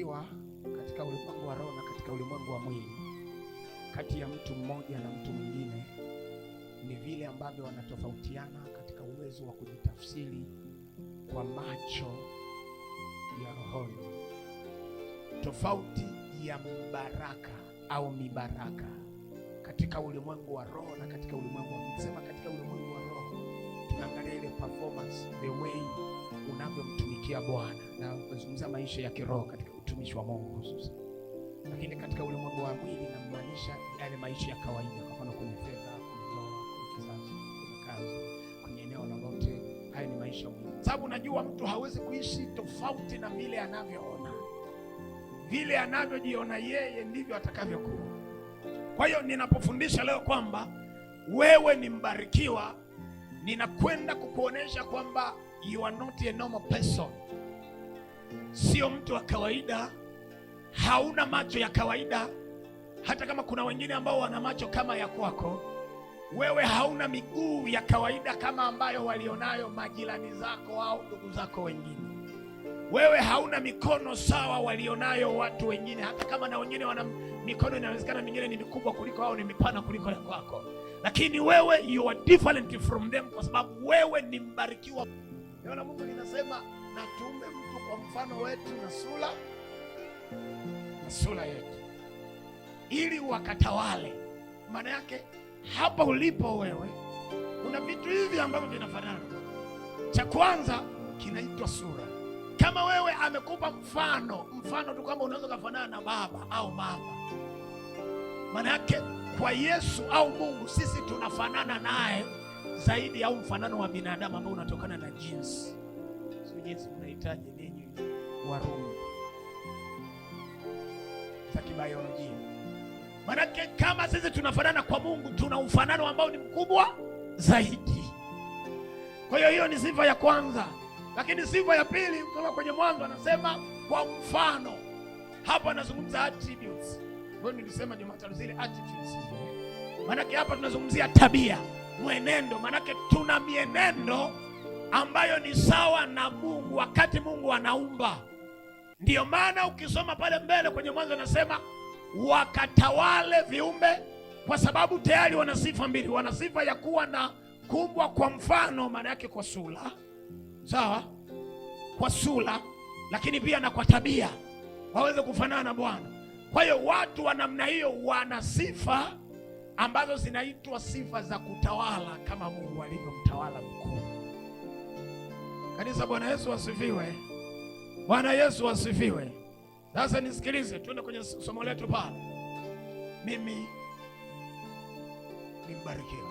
ukiwa katika ulimwengu wa roho na katika ulimwengu wa mwili, kati ya mtu mmoja na mtu mwingine ni vile ambavyo wanatofautiana katika uwezo wa kujitafsiri kwa macho ya rohoni. Tofauti ya mbaraka au mibaraka katika ulimwengu wa roho na katika ulimwengu wa kusema, katika ulimwengu wa roho tunaangalia ile performance, the way unavyomtumikia Bwana na kuzungumza maisha ya kiroho katika mtumishi wa Mungu hususa. lakini katika ulimwengu wa mwili namaanisha yale maisha ya kawaida, kwa mfano kwenye fedha, kwenye ndoa, kwenye kwenye kazi, kwenye eneo lolote. Haya ni maisha ya mwili, sababu unajua mtu hawezi kuishi tofauti na vile anavyoona. Vile anavyojiona yeye ndivyo atakavyokuwa. Kwa hiyo ninapofundisha leo kwamba wewe ni mbarikiwa, ninakwenda kukuonesha kwamba you are not a normal person sio mtu wa kawaida, hauna macho ya kawaida. Hata kama kuna wengine ambao wana macho kama ya kwako wewe, hauna miguu ya kawaida kama ambayo walionayo majirani zako au ndugu zako wengine. Wewe hauna mikono sawa walionayo watu wengine, hata kama na wengine wana mikono, inawezekana mingine ni mikubwa kuliko au ni mipana kuliko ya kwako, lakini wewe you are different from them, kwa sababu wewe ni mbarikiwa. Naona Mungu linasema na tuumbe mtu kwa mfano wetu na sura na sura yetu, ili wakatawale. Maana yake hapa ulipo wewe kuna vitu hivi ambavyo vinafanana. Cha kwanza kinaitwa sura. Kama wewe amekupa mfano, mfano tu kwamba unaweza kufanana na baba au mama, maana yake kwa Yesu au Mungu sisi tunafanana naye zaidi au mfanano wa binadamu ambao unatokana na jinsi, So jeans mnahitaji ninyi Warumi za kibayolojia. manake kama sisi tunafanana kwa Mungu, tuna ufanano ambao ni mkubwa zaidi. Kwa hiyo hiyo ni sifa ya kwanza, lakini sifa ya pili, kutoka kwenye Mwanzo anasema kwa mfano. Hapa anazungumza attributes, ambayo nilisema Jumatano zile attributes, maanake hapa tunazungumzia tabia mwenendo, maanake tuna mienendo ambayo ni sawa na Mungu wakati Mungu anaumba. Ndiyo maana ukisoma pale mbele kwenye Mwanzo anasema wakatawale viumbe, kwa sababu tayari wana sifa mbili, wana sifa ya kuwa na kumbwa kwa mfano, maana yake kwa sura, sawa, kwa sura, lakini pia na kwa tabia, waweze kufanana na Bwana. Kwa hiyo watu wa namna hiyo wana sifa ambazo zinaitwa sifa za kutawala kama Mungu alivyomtawala mkuu. Kanisa, Bwana Yesu asifiwe! Bwana Yesu asifiwe! Sasa nisikilize, tuende kwenye somo letu pale. Mimi nimbarikiwa.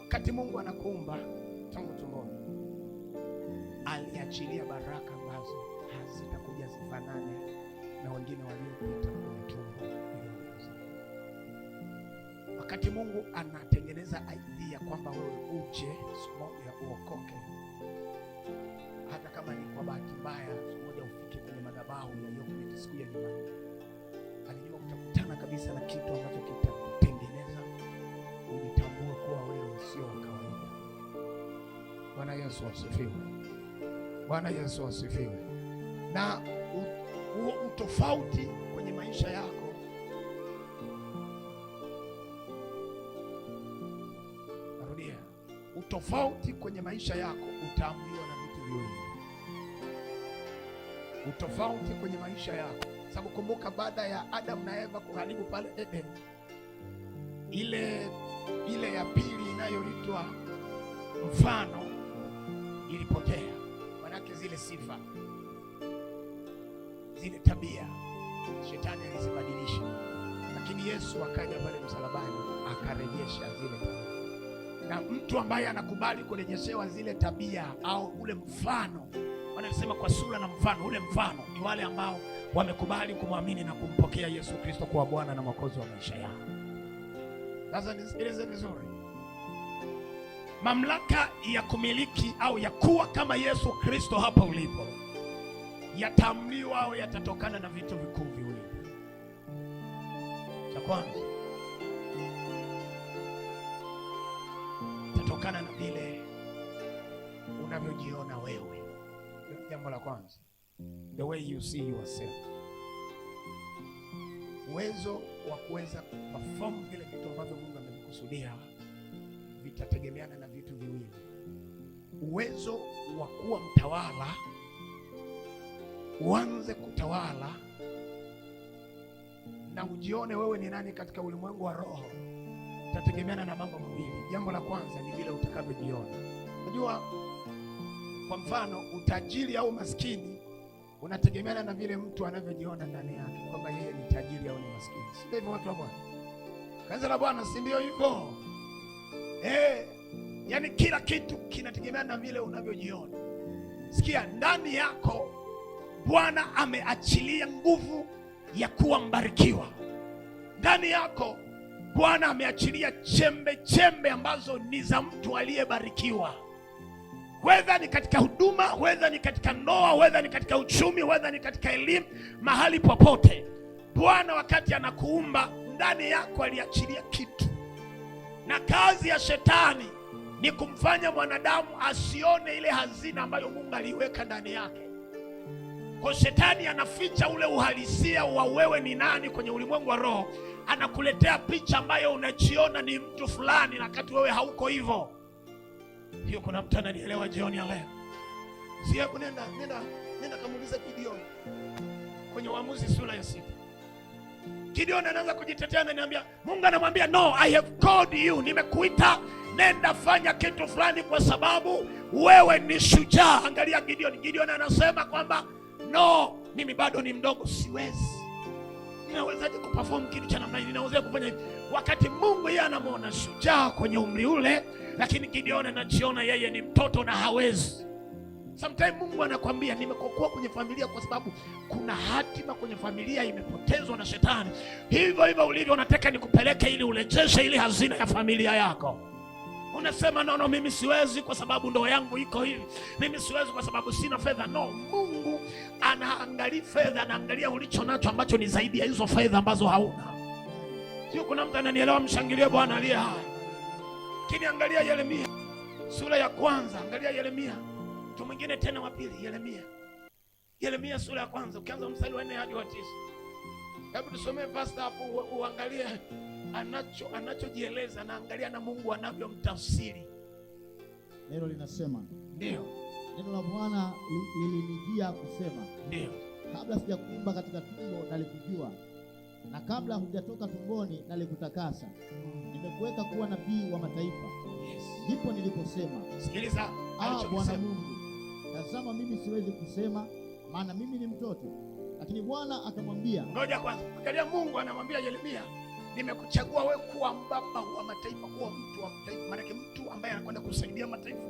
Wakati Mungu anakuumba tangu tumboni, aliachilia baraka ambazo hazitakuja zifanane na wengine waliopita kwenye tumbo Wakati Mungu anatengeneza idea kwamba wewe uje siku uokoke, hata kama ni kwa bahati mbaya, moja ufike kwenye madhabahu yaliyo siku ya nyumbani, alijua utakutana kabisa na kitu ambacho kitakutengeneza ulitambua kuwa wewe sio wa kawaida. Bwana Yesu asifiwe! Bwana Yesu asifiwe! na huo utofauti kwenye maisha yako Utofauti kwenye maisha yako utaamuliwa na vitu viwili. Utofauti kwenye maisha yako, sababu kumbuka, baada ya Adamu na Eva kuharibu pale Eden, ile ile ya pili inayoitwa mfano ilipotea, manake zile sifa zile tabia shetani alizibadilisha, lakini Yesu akaja pale msalabani akarejesha zile tabia na mtu ambaye anakubali kurejeshewa zile tabia au ule mfano, wanasema kwa sura na mfano. Ule mfano ni wale ambao wamekubali kumwamini na kumpokea Yesu Kristo kuwa Bwana na Mwokozi wa maisha yao. Sasa nisikilize vizuri, mamlaka ya kumiliki au ya kuwa kama Yesu Kristo hapa ulipo yatamliwa au yatatokana na vitu vikuu viwili. Cha kwanza kutokana na vile unavyojiona wewe. Jambo la kwanza, the way you see yourself, uwezo wa kuweza perform vile vitu ambavyo Mungu amekusudia vitategemeana na vitu viwili: uwezo wa kuwa mtawala, uanze kutawala na ujione wewe ni nani katika ulimwengu wa roho itategemeana na mambo mawili. Jambo la kwanza ni vile utakavyojiona. Unajua, kwa mfano utajiri au maskini unategemeana na vile mtu anavyojiona ndani yake kwamba yeye ni tajiri au ni maskini, si hivyo? Watu wa Bwana, kanisa la Bwana, si ndio hivyo? Eh, yani kila kitu kinategemeana na vile unavyojiona. Sikia, ndani yako Bwana ameachilia nguvu ya kuwa mbarikiwa ndani yako Bwana ameachilia chembe chembe ambazo ni za mtu aliyebarikiwa, wedha ni katika huduma, wedha ni katika ndoa, wedha ni katika uchumi, wedha ni katika elimu, mahali popote. Bwana wakati anakuumba ndani yako aliachilia kitu, na kazi ya shetani ni kumfanya mwanadamu asione ile hazina ambayo Mungu aliiweka ndani yake. Kwa shetani anaficha ule uhalisia wa wewe ni nani kwenye ulimwengu wa roho, anakuletea picha ambayo unajiona ni mtu fulani, na wakati wewe hauko hivyo. Hiyo kuna mtu ananielewa jioni ya leo? Siaku, nenda nenda nenda kamuuliza Gideon kwenye Uamuzi sura ya sita. Gideon anaanza kujitetea, ananiambia Mungu anamwambia no, I have called you, nimekuita nenda fanya kitu fulani, kwa sababu wewe ni shujaa. Angalia Gideon, Gideon anasema kwamba no, mimi bado ni mdogo, siwezi, ninawezaje kuperform kitu cha namna hii? Ninawezaje kufanya hivi? Wakati Mungu yeye anamwona shujaa kwenye umri ule, lakini gideon anajiona yeye ni mtoto na hawezi. Sometimes Mungu anakwambia nimekokoa kwenye familia kwa sababu kuna hatima kwenye familia imepotezwa na shetani. Hivyo hivyo ulivyo, nataka nikupeleke ili urejeshe ile hazina ya familia yako. Unasema nono no, mimi siwezi kwa sababu ndoa yangu iko hivi, mimi siwezi kwa sababu sina fedha. No, Mungu anaangalia fedha, anaangalia ulicho nacho ambacho ni zaidi ya hizo fedha ambazo hauna. Sio kuna mtu ananielewa? Mshangilie Bwana aliye hai. Kini angalia Yeremia sura ya kwanza, angalia Yeremia mtu mwingine tena wa pili, Yeremia Yeremia sura ya kwanza ukianza mstari wa 4 hadi wa 9. Hebu tusomee pasta hapo uangalie anacho anachojieleza naangalia na Mungu anavyomtafsiri. Neno linasema ndio, neno la Bwana lilinijia kusema ndio, kabla sijakuumba katika tumbo nalikujua, na kabla hujatoka tumboni nalikutakasa, mm. nimekuweka kuwa nabii wa mataifa. Ndipo yes, niliposema sikiliza, ah Bwana Mungu, tazama mimi siwezi kusema, maana mimi ni mtoto. Lakini Bwana akamwambia, ngoja kwanza, angalia, Mungu anamwambia Yeremia nimekuchagua wewe kuwa mbaba wa mataifa, kuwa mtu wa mataifa, maanake mtu ambaye anakwenda kusaidia mataifa.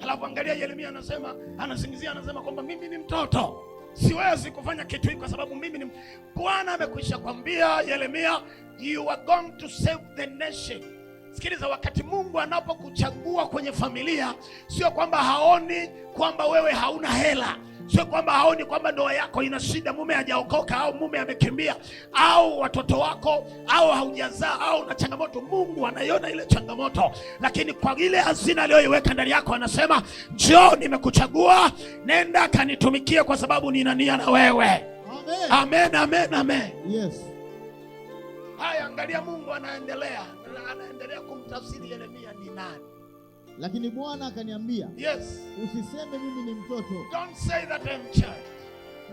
Halafu angalia Yeremia anasema, anasingizia, anasema kwamba mimi ni mtoto, siwezi kufanya kitu hiki kwa sababu mimi ni Bwana amekwisha kwambia Yeremia, you are going to save the nation. Sikiliza, wakati Mungu anapokuchagua kwenye familia, sio kwamba haoni kwamba wewe hauna hela Sio kwamba haoni kwamba ndoa yako ina shida, mume hajaokoka au mume amekimbia au watoto wako au haujazaa au na changamoto. Mungu anaiona ile changamoto, lakini kwa ile hazina aliyoiweka ndani yako anasema njoo, nimekuchagua, nenda kanitumikie, kwa sababu nina nia na wewe. Amen, amen, amen. Yes. Haya, angalia Mungu anaendelea anaendelea kumtafsiri Yeremia ni nani. Lakini Bwana akaniambia, yes, usiseme mimi ni mtoto. Don't say that I'm child.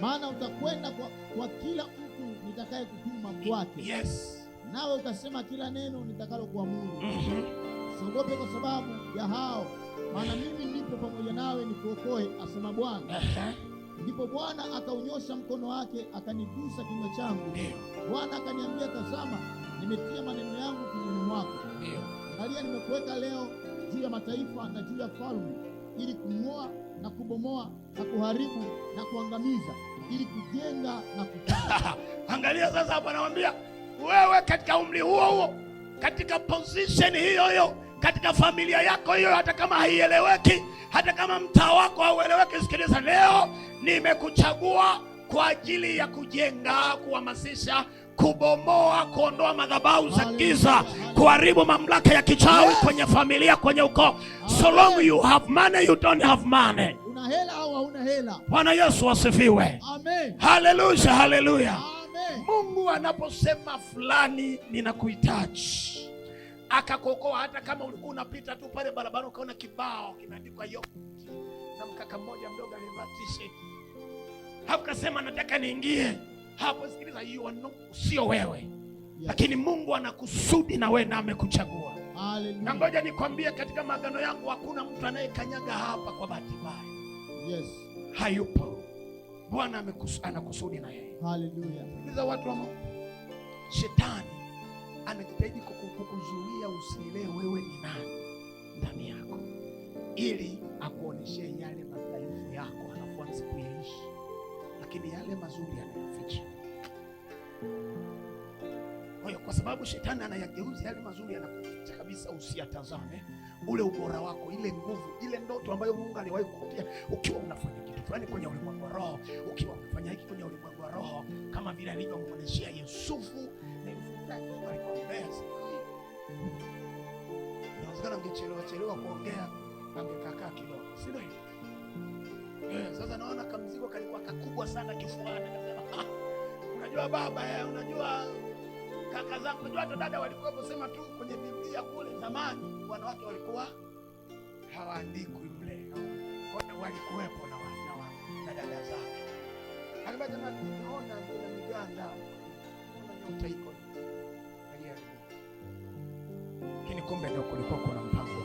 Maana utakwenda kwa, kwa kila mtu nitakaye kutuma kwake. Yes. Nawe utasema kila neno nitakalo kuamuru. mm -hmm. Siogope kwa sababu ya hao, maana mimi nipo pamoja nawe nikuokoe, asema Bwana. uh -huh. Ndipo Bwana akaunyosha mkono wake akanigusa kinywa changu. Bwana akaniambia, tazama, nimetia maneno yangu kinywani mwako. Angalia, nimekuweka leo juu ya mataifa na juu ya falme, ili kung'oa na kubomoa na kuharibu na kuangamiza, ili kujenga na Angalia sasa hapa, anamwambia wewe, katika umri huo huo, katika position hiyo hiyo, katika familia yako hiyo, hata kama haieleweki, hata kama mtaa wako haueleweki, sikiliza, leo nimekuchagua kwa ajili ya kujenga, kuhamasisha kubomoa, kuondoa madhabahu za giza, kuharibu mamlaka ya kichawi yes. kwenye familia, kwenye ukoo. So long you have money, you don't have money. Una hela au hauna hela. Bwana Yesu asifiwe. Amen. Haleluya, haleluya. Mungu anaposema fulani ninakuhitaji akakuokoa hata kama ulikuwa unapita tu pale barabara ukaona kibao kimeandikwa yote na mkaka mmoja mdogo alivaa t-shirt. Hakukasema nataka niingie hapo. Sikiliza, sio wewe yes. Lakini Mungu anakusudi na wewe na amekuchagua. Na ngoja nikwambie, katika maagano yangu hakuna mtu anayekanyaga hapa kwa bahati mbaya yes. Hayupo. Bwana anakusudi na yeye. Haleluya. Sikiliza watu wa Mungu, shetani anajitahidi kukuzuia usielewe wewe ni nani ndani yako, ili akuonyeshe yale madhaifu yako, alafu anze kuyaishi lakini yale mazuri yanayaficha. Kwa kwa sababu shetani anayageuza yale mazuri, yanakuficha kabisa, usiyatazame ule ubora wako, ile nguvu, ile ndoto ambayo Mungu aliwahi kukutia, ukiwa unafanya kitu fulani kwenye ulimwengu wa roho, ukiwa unafanya hiki kwenye ulimwengu wa roho, kama vile alivyomwonyeshia Yusufu na Yusufu chelewa kuongea, angekaa kidogo, sio hivyo? Eh, sasa naona kamzigo kalikuwa kakubwa sana kifuani, akasema ah, unajua baba ya, eh, unajua kaka zangu, unajua hata dada walikuwa sema tu kwenye Biblia kule zamani wanawake walikuwa hawaandikwi mle, walikuwepo na na dada zake akibaaona na miganda nyota iko lakini kumbe ndio kulikuwa kuna mpango.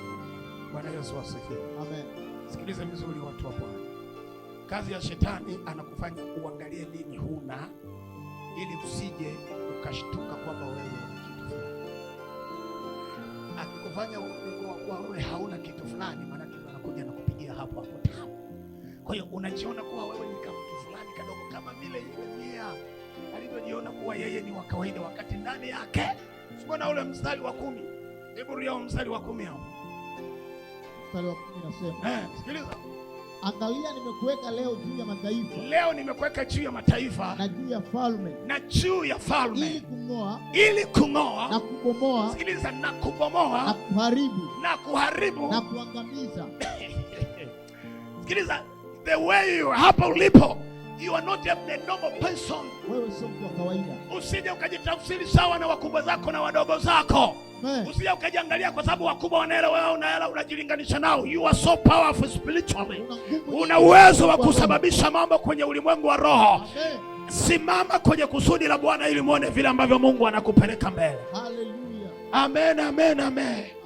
Bwana Yesu asifiwe. Amen. Sikiliza vizuri watu wa Bwana. Kazi ya shetani anakufanya uangalie nini huna, ili usije ukashtuka kwamba wewe kitu fulani. Akikufanya wewe hauna kitu fulani, maanake anakuja na kupigia hapo hapo tamu. Kwa hiyo unajiona kuwa wewe ni kama mtu fulani kadogo, kama vile yule Mia alivyojiona kuwa yeye ni wa kawaida, wakati ndani yake sikona. Ule mstari wa kumi, hebu rudia mstari wa kumi hapo. Mstari wa kumi nasema, eh, sikiliza Angalia, nimekuweka leo juu ya mataifa, leo nimekuweka juu ya mataifa na juu ya falme, na juu ya falme, ili kung'oa, ili kung'oa na kubomoa. Sikiliza, na kubomoa na kuharibu, na kuharibu na kuangamiza. Sikiliza, the way you hapa ulipo You are not a normal person. Wewe sio mtu wa kawaida. Usije ukajitafsiri sawa na wakubwa zako na wadogo zako. Eh. Usije ukajiangalia kwa sababu wakubwa wanaela, wewe unaela, unajilinganisha nao. You are so powerful spiritually. Una uwezo wa kusababisha mambo kwenye ulimwengu wa roho. Simama kwenye kusudi la Bwana ili muone vile ambavyo Mungu anakupeleka mbele. Hallelujah. Amen, amen, amen.